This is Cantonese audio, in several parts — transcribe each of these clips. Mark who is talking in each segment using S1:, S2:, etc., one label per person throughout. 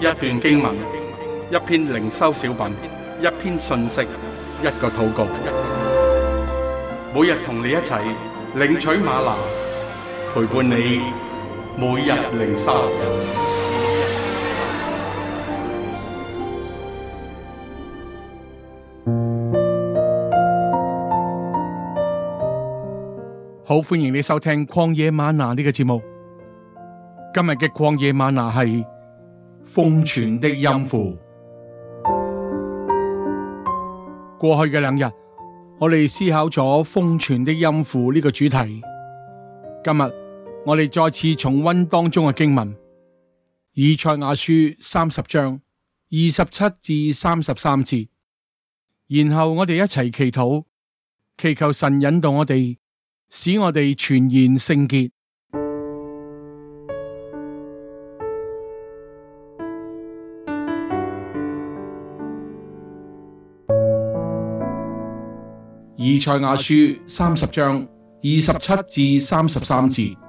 S1: 一段經文，一篇靈修小品，一篇信息，一個禱告。每日同你一齊領取嗎哪，陪伴你每日靈修。好，歡迎你收聽《曠野嗎哪》呢個節目。今日嘅曠野嗎哪係封存的音符。過去嘅兩日，我哋思考咗封存的音符呢個主題。今日我哋再次重温當中嘅經文，以賽亞書三十章二十七至三十三節。然後我哋一齊祈禱，祈求神引導我哋，使我哋傳言聖潔。以賽亞書三十章二十七至三十三節：「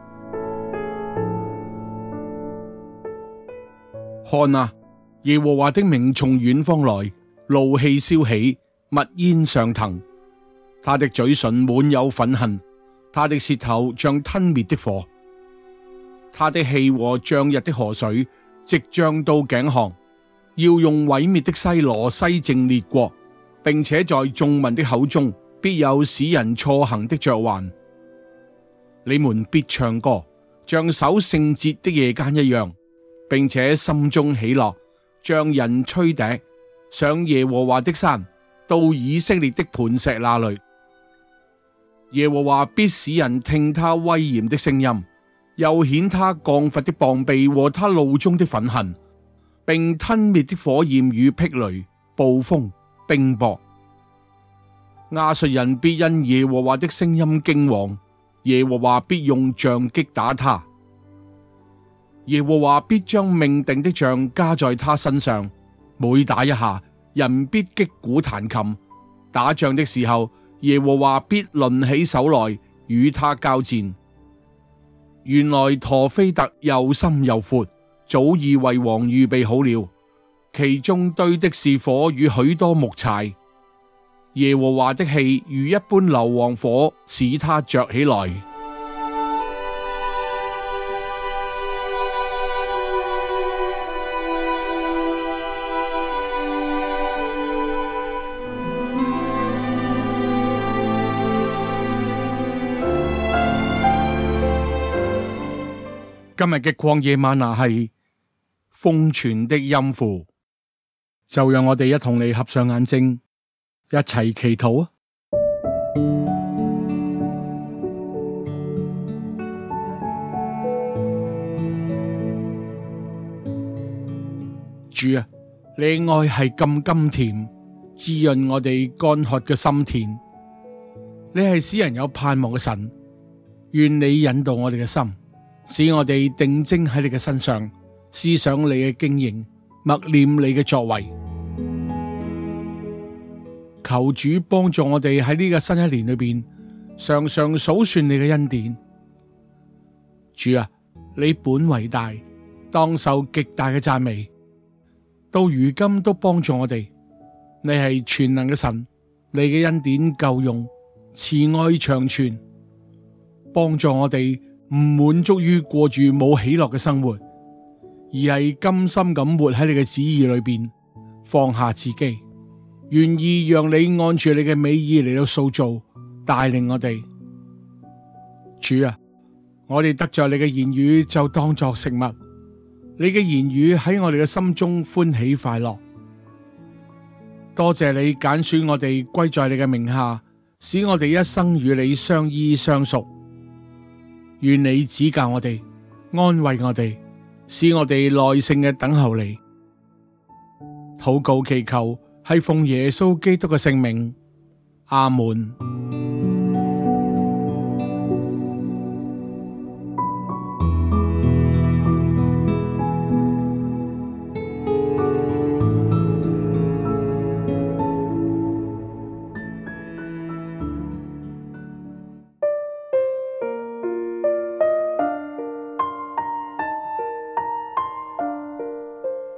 S1: 看 啊，耶和華的名從遠方來，怒氣燒起，密煙上騰。他的嘴唇滿有憤恨。他的舌頭像吞滅的火。他的氣和漲日的河水，直漲到頸項，要用毀滅的西羅西正列國，並且在眾民的口中。必有使人錯行的嚼環，你們必唱歌，像守聖節的夜間一樣，並且心中喜樂，像人吹笛，上耶和華的山，到以色列的磐石那裏。耶和華必使人聽他威嚴的聲音，又顯他降罰的膀臂和他怒中的忿恨，並吞滅的火焰與霹雷、暴風、冰雹。亞述人必因耶和華的聲音驚惶，耶和華必用杖擊打他，耶和華必將命定的杖加在他身上。每打一下，人必擊鼓彈琴。打仗的時候，耶和華必掄起手來與他交戰。原來陀斐特又深又闊，早已為王預備好了，其中堆的是火與許多木柴。耶和華的氣如一般硫磺火，使他着起來。 今日嘅曠野嗎哪係封存的音符，就讓我哋一同你合上眼睛。一齊祈禱啊！主啊，你愛係咁甘甜，滋潤我哋乾渴嘅心田。你係使人有盼望嘅神，願你引導我哋嘅心，使我哋定睛喺你嘅身上，思想你嘅經營，默念你嘅作為。求主幫助我哋喺呢個新一年裏邊，常常數算你嘅恩典。主啊，你本為大，當受極大嘅讚美，到如今都幫助我哋。你係全能嘅神，你嘅恩典夠用，慈愛長存，幫助我哋唔滿足於過住冇喜樂嘅生活，而係甘心咁活喺你嘅旨意裏邊，放下自己。願意讓你按住你嘅美意嚟到塑造，帶領我哋，主啊，我哋得咗你嘅言語就當作食物，你嘅言語喺我哋嘅心中歡喜快樂。多謝你揀選我哋歸在你嘅名下，使我哋一生與你相依相屬。願你指教我哋，安慰我哋，使我哋耐性嘅等候你。禱告祈求。係奉耶穌基督嘅聖名，阿門。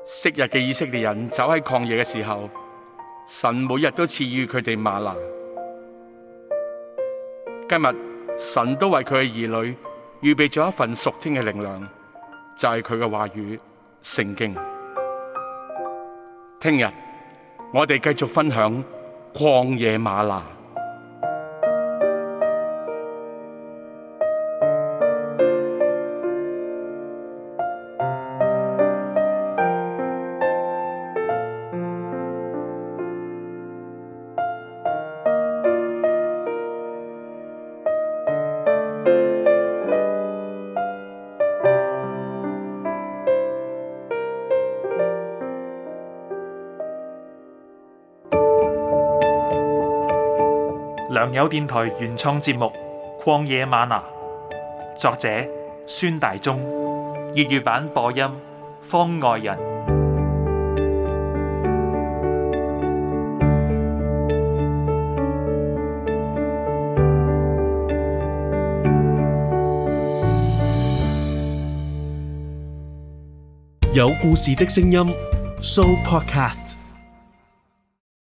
S1: 昔日嘅以色列人走喺曠野嘅時候。神每日都賜予佢哋嗎哪，今日神都為佢嘅兒女預備咗一份屬天嘅靈糧，就係佢嘅話語《聖經》。聽日我哋繼續分享曠野嗎哪。良友電台原創節目《曠野嗎哪》，作者孫大中，粵語版播音方外人，有故事的聲音，Show Podcast。